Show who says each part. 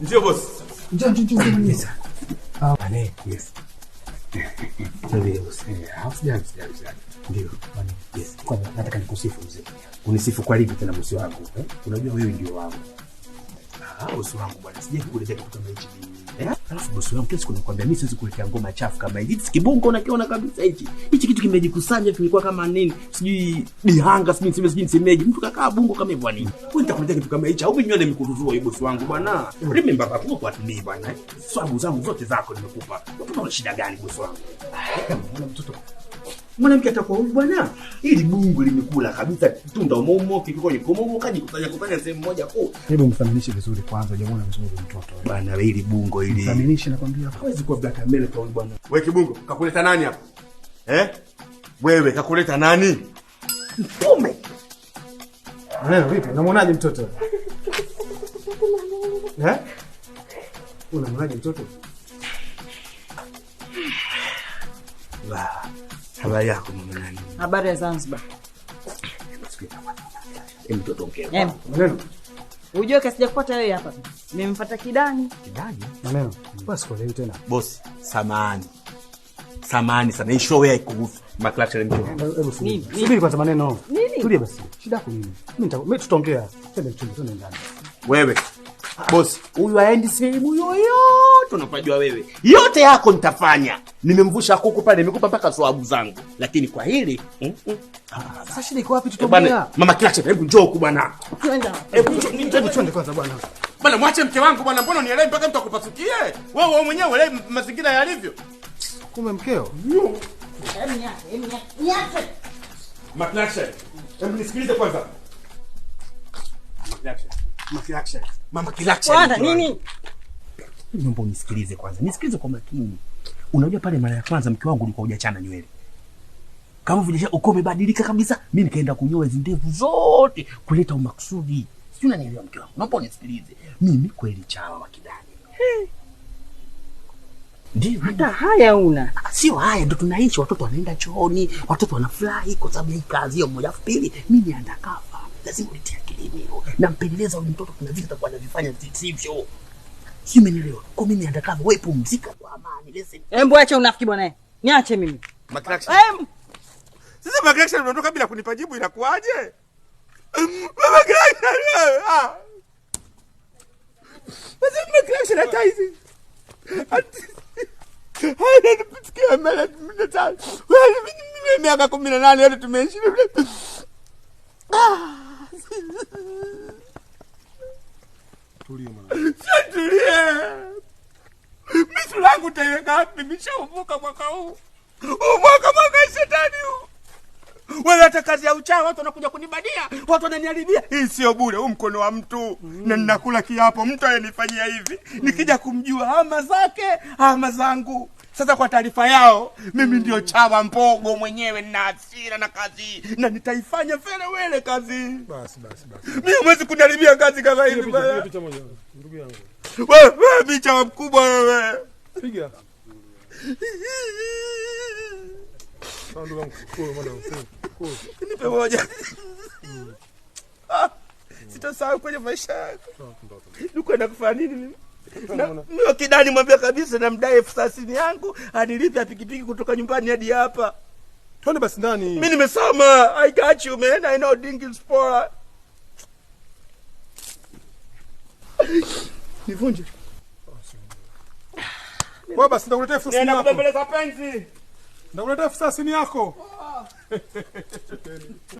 Speaker 1: Ndio boss.
Speaker 2: Njoo njoo njoo
Speaker 3: njoo. Ah, bane. Ah, yes. Eh, ah, ndio boss. ya hafsija ya. Ndio. Bane. Yes. Kwa nini nataka nikusifu mzee. Unisifu kwa lipi tena msi wangu? Eh? Unajua wewe ndio wangu. Ah, usi wangu bwana. Sije kukuletea kitu kama hichi. Alafu bosi wangu kesi kunakwambia mimi siwezi kuwekea ngoma chafu kama hizi. Hizi kibongo unakiona kabisa hichi. Hichi kitu kimejikusanya kimekuwa kama nini? Sijui dihanga, sijui nisemeje sijui nisemeje. Mtu kakaa bongo kama hivyo nini? Wewe nitakuletea kitu kama hichi au mimi nywele nikutuzua hiyo bosi wangu bwana. Mm. Remember baba kwa atumii bwana. Swabu zangu zote zako nimekupa. Mtoto ana shida gani bosi wangu? Ah, eh, Mbona mtoto mwanamke atakuwa huyu bwana, ili bungu limekula kabisa, tunda momo kipiko kwenye komomo kaji kufanya kufanya sehemu moja kuu.
Speaker 4: Hebu mfananishe vizuri kwanza, jamani, na mzungu mtoto
Speaker 3: bwana, wewe ili bungo ili
Speaker 4: mfananishe, nakwambia hawezi kuwa black america huyu bwana.
Speaker 1: Wewe kibungo kakuleta nani hapa eh? Wewe kakuleta nani?
Speaker 3: Mtume
Speaker 4: Maneno vipi? Eh? Unamwonaje mtoto?
Speaker 1: Eh? Unamwonaje mtoto?
Speaker 3: Wow. Habari yako mama nani?
Speaker 5: Habari ya Zanzibar. Mtoto mkeo. Unajua kwata yeye hapa. Nimemfuata Kidani.
Speaker 4: Kidani? Maneno. Basi kwa leo tena.
Speaker 3: Boss, samahani. Samahani sana. Hii show yako ikuhusu. Maklacha ni
Speaker 4: mtu. Subiri kwanza maneno. Tulia basi. Shida yako nini? Mimi mimi tutaongea. Twende mchumba, twende ndani.
Speaker 1: Wewe. Ah, ah. Boss,
Speaker 3: huyu aendi sehemu yoyote yote unapajua wewe, yote yako nitafanya. Nimemvusha kuku pale, nimekupa mpaka swabu zangu, lakini kwa hili mm, mm.
Speaker 5: sasa wapi? Eh,
Speaker 3: mama kila hebu njoo huku bwana, hebu eh, kwanza bwana bwana, mwache mke wangu bwana. Mbona unielewi mpaka mtu akupasukie wewe? Wewe mwenyewe uelewi mazingira yalivyo. Kumbe mkeo hebu
Speaker 1: kwanza. Mama
Speaker 5: mama
Speaker 3: Naomba unisikilize kwanza, nisikilize kwa makini. Unajua pale mara ya kwanza mke wangu ulikuwa hujachana nywele kama vile uko umebadilika kabisa, mimi nikaenda kunyoa hizo ndevu zote kuleta umaksudi, sio? Unanielewa mke wangu? Naomba unisikilize mimi, kweli chawa wa kidani ndio
Speaker 5: hata haya una
Speaker 3: sio haya, ndo tunaishi. Watoto wanaenda chooni, watoto wanafurahi kwa sababu ya kazi hiyo. Moja pili, mimi ni andakafa, lazima unitie akilini, nampeleleza huyu mtoto, kuna vitu atakuwa anavifanya sivyo si umenielewa? Kwa mimi undercover, wewe pumzika kwa amani. Listen,
Speaker 5: hebu acha unafiki bwana, niache mimi
Speaker 1: sasa. Magraction unatoka bila kunipa jibu, inakuaje?
Speaker 3: Miaka kumi na nane yote tumeishi Tulie. Misu langu taiweka wapi? Mishauvuka mwaka huu. Huu mwaka mwaka shetani huu. Wewe hata kazi ya uchawi watu wanakuja kunibadia, watu wananiharibia. Hii sio bure, huu mkono wa mtu mm. Na ninakula kiapo mtu ayenifanyia hivi mm. Nikija kumjua ama zake ama zangu. Sasa kwa taarifa yao mimi ndio mm. chawa mbogo mwenyewe, nina hasira na kazi na nitaifanya felewele kazi.
Speaker 4: Basi basi basi,
Speaker 3: mimi huwezi kuniharibia kazi kama hivi
Speaker 4: bwana, ndugu yangu.
Speaker 3: Wewe bicha mkubwa wewe. Piga. Nipe moja. Ah, sitasahau kwenye maisha yako. Nikwenda kufanya nini mimi? Mimi kidani mwambia kabisa namdai elfu thelathini yangu anilipe pikipiki kutoka nyumbani hadi hapa.
Speaker 4: Twende basi ndani.
Speaker 3: Mimi nimesoma. I got you man. I know dinging spoiler
Speaker 4: nivunje. Wewe basi ndakuletea elfu thelathini
Speaker 3: yako. Nenda ah. kubembeleza penzi.
Speaker 4: Ndakuletea elfu thelathini yako.